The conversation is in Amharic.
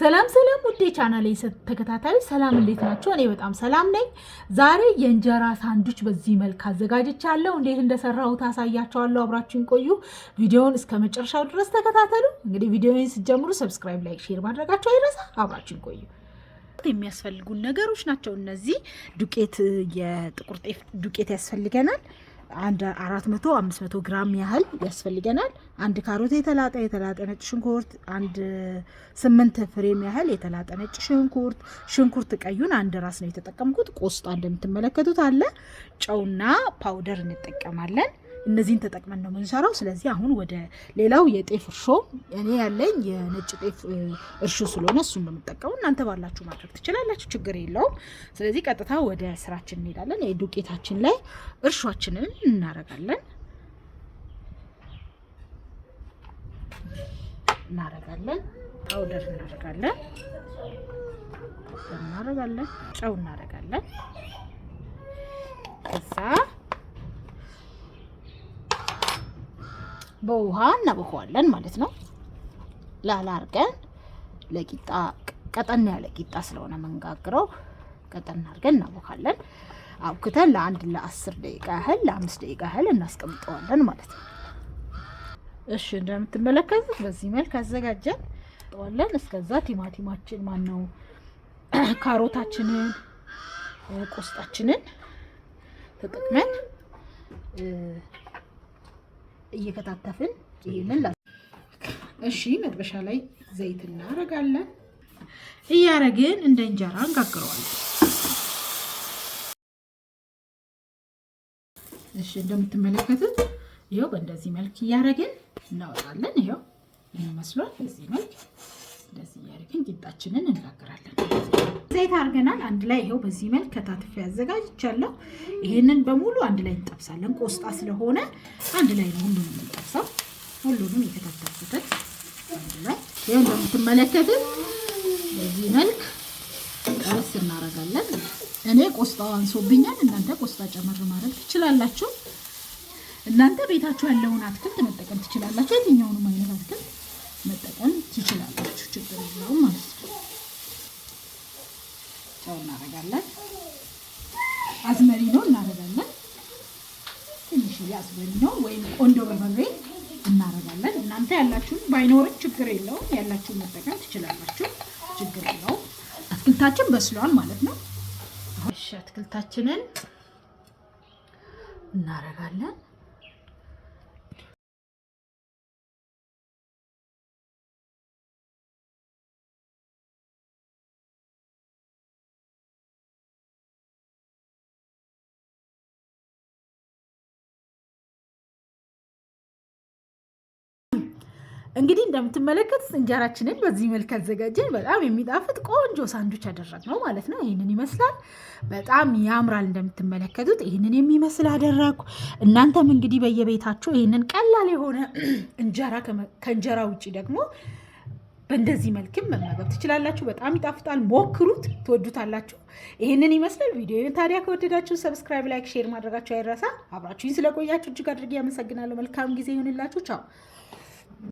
ሰላም ሰላም ውዴ ቻናል ተከታታዮች ሰላም እንዴት ናቸው? እኔ በጣም ሰላም ነኝ። ዛሬ የእንጀራ ሳንዱች በዚህ መልክ አዘጋጅቻለሁ። እንዴት እንደሰራሁት አሳያቸዋለሁ። አብራችሁን ቆዩ። ቪዲዮውን እስከ መጨረሻው ድረስ ተከታተሉ። እንግዲህ ቪዲዮውን ስትጀምሩ ሰብስክራይብ፣ ላይክ፣ ሼር ማድረጋቸው አይረሳ። አብራችሁን ቆዩ። የሚያስፈልጉን ነገሮች ናቸው እነዚህ። ዱቄት፣ የጥቁር ጤፍ ዱቄት ያስፈልገናል። አንድ አራት መቶ አምስት መቶ ግራም ያህል ያስፈልገናል። አንድ ካሮት የተላጠ የተላጠ ነጭ ሽንኩርት አንድ ስምንት ፍሬም ያህል የተላጠ ነጭ ሽንኩርት ሽንኩርት ቀዩን አንድ ራስ ነው የተጠቀምኩት። ቆስጣ እንደምትመለከቱት አለ። ጨውና ፓውደር እንጠቀማለን። እነዚህን ተጠቅመን ነው የምንሰራው። ስለዚህ አሁን ወደ ሌላው የጤፍ እርሾ እኔ ያለኝ የነጭ ጤፍ እርሾ ስለሆነ እሱን እንደምጠቀሙ እናንተ ባላችሁ ማድረግ ትችላላችሁ፣ ችግር የለውም። ስለዚህ ቀጥታ ወደ ስራችን እንሄዳለን። ዱቄታችን ላይ እርሾችንን እናረጋለን እናረጋለን ፓውደር እናረጋለን እናረጋለን ጨው እናረጋለን ከዛ በውሃ እናቦከዋለን ማለት ነው። ላላ አርገን ለቂጣ ቀጠን ያለ ቂጣ ስለሆነ መንጋግረው ቀጠን አርገን እናቦካለን። አብክተን ለአንድ ለአስር ደቂቃ ያህል ለአምስት ደቂቃ ያህል እናስቀምጠዋለን ማለት ነው። እሺ እንደምትመለከቱት በዚህ መልክ አዘጋጀን ጠዋለን። እስከዛ ቲማቲማችን ነው ካሮታችንን፣ ቆስጣችንን ተጠቅመን እየከታተፍን ይህንን ላ እሺ፣ መጥበሻ ላይ ዘይት እናረጋለን። እያረግን እንደ እንጀራ እንጋግረዋለን። እሺ፣ እንደምትመለከቱት ይኸው በእንደዚህ መልክ እያረግን እናወጣለን። ይኸው ይህ መስሏል በዚህ መልክ እንደዚህ እያደረግን ቂጣችንን እንጋግራለን። ዘይት አድርገናል አንድ ላይ ይኸው በዚህ መልክ ከታትፌ አዘጋጅቻለሁ። ይህንን በሙሉ አንድ ላይ እንጠብሳለን። ቆስጣ ስለሆነ አንድ ላይ ነው ሁሉንም የምንጠብሰው። ሁሉንም የከታተፍኩትን አንድ ላይ ይኸው እንደምትመለከትን በዚህ መልክ ጠበስ እናደርጋለን። እኔ ቆስጣው አንሶብኛል። እናንተ ቆስጣ ጨመር ማድረግ ትችላላችሁ። እናንተ ቤታችሁ ያለውን አትክልት መጠቀም ትችላላችሁ። የትኛውንም አይነት አትክልት ጨው እናደርጋለን። አዝመሪ ነው እናደርጋለን። ትንሽዬ አዝመሪ ነው ወይም ቆንዶ በርበሬ እናደርጋለን። እናንተ ያላችሁን ባይኖርም ችግር የለውም፣ ያላችሁን መጠቀም ትችላላችሁ። ችግር የለውም። አትክልታችን በስሏል ማለት ነው። እሺ አትክልታችንን እናደርጋለን። እንግዲህ እንደምትመለከቱት እንጀራችንን በዚህ መልክ አዘጋጀን። በጣም የሚጣፍጥ ቆንጆ ሳንዱች ነው ማለት ነው። ይህንን ይመስላል። በጣም ያምራል። እንደምትመለከቱት ይህንን የሚመስል አደረግኩ። እናንተም እንግዲህ በየቤታችሁ ይህንን ቀላል የሆነ እንጀራ ከእንጀራ ውጭ ደግሞ በእንደዚህ መልክም መመገብ ትችላላችሁ። በጣም ይጣፍጣል። ሞክሩት፣ ትወዱታላችሁ። ይህንን ይመስላል ቪዲዮ። ታዲያ ከወደዳችሁ ሰብስክራይብ፣ ላይክ፣ ሼር ማድረጋችሁ አይረሳ። አብራችሁኝ ስለቆያችሁ እጅግ አድርጌ ያመሰግናለሁ። መልካም ጊዜ ይሆንላችሁ። ቻው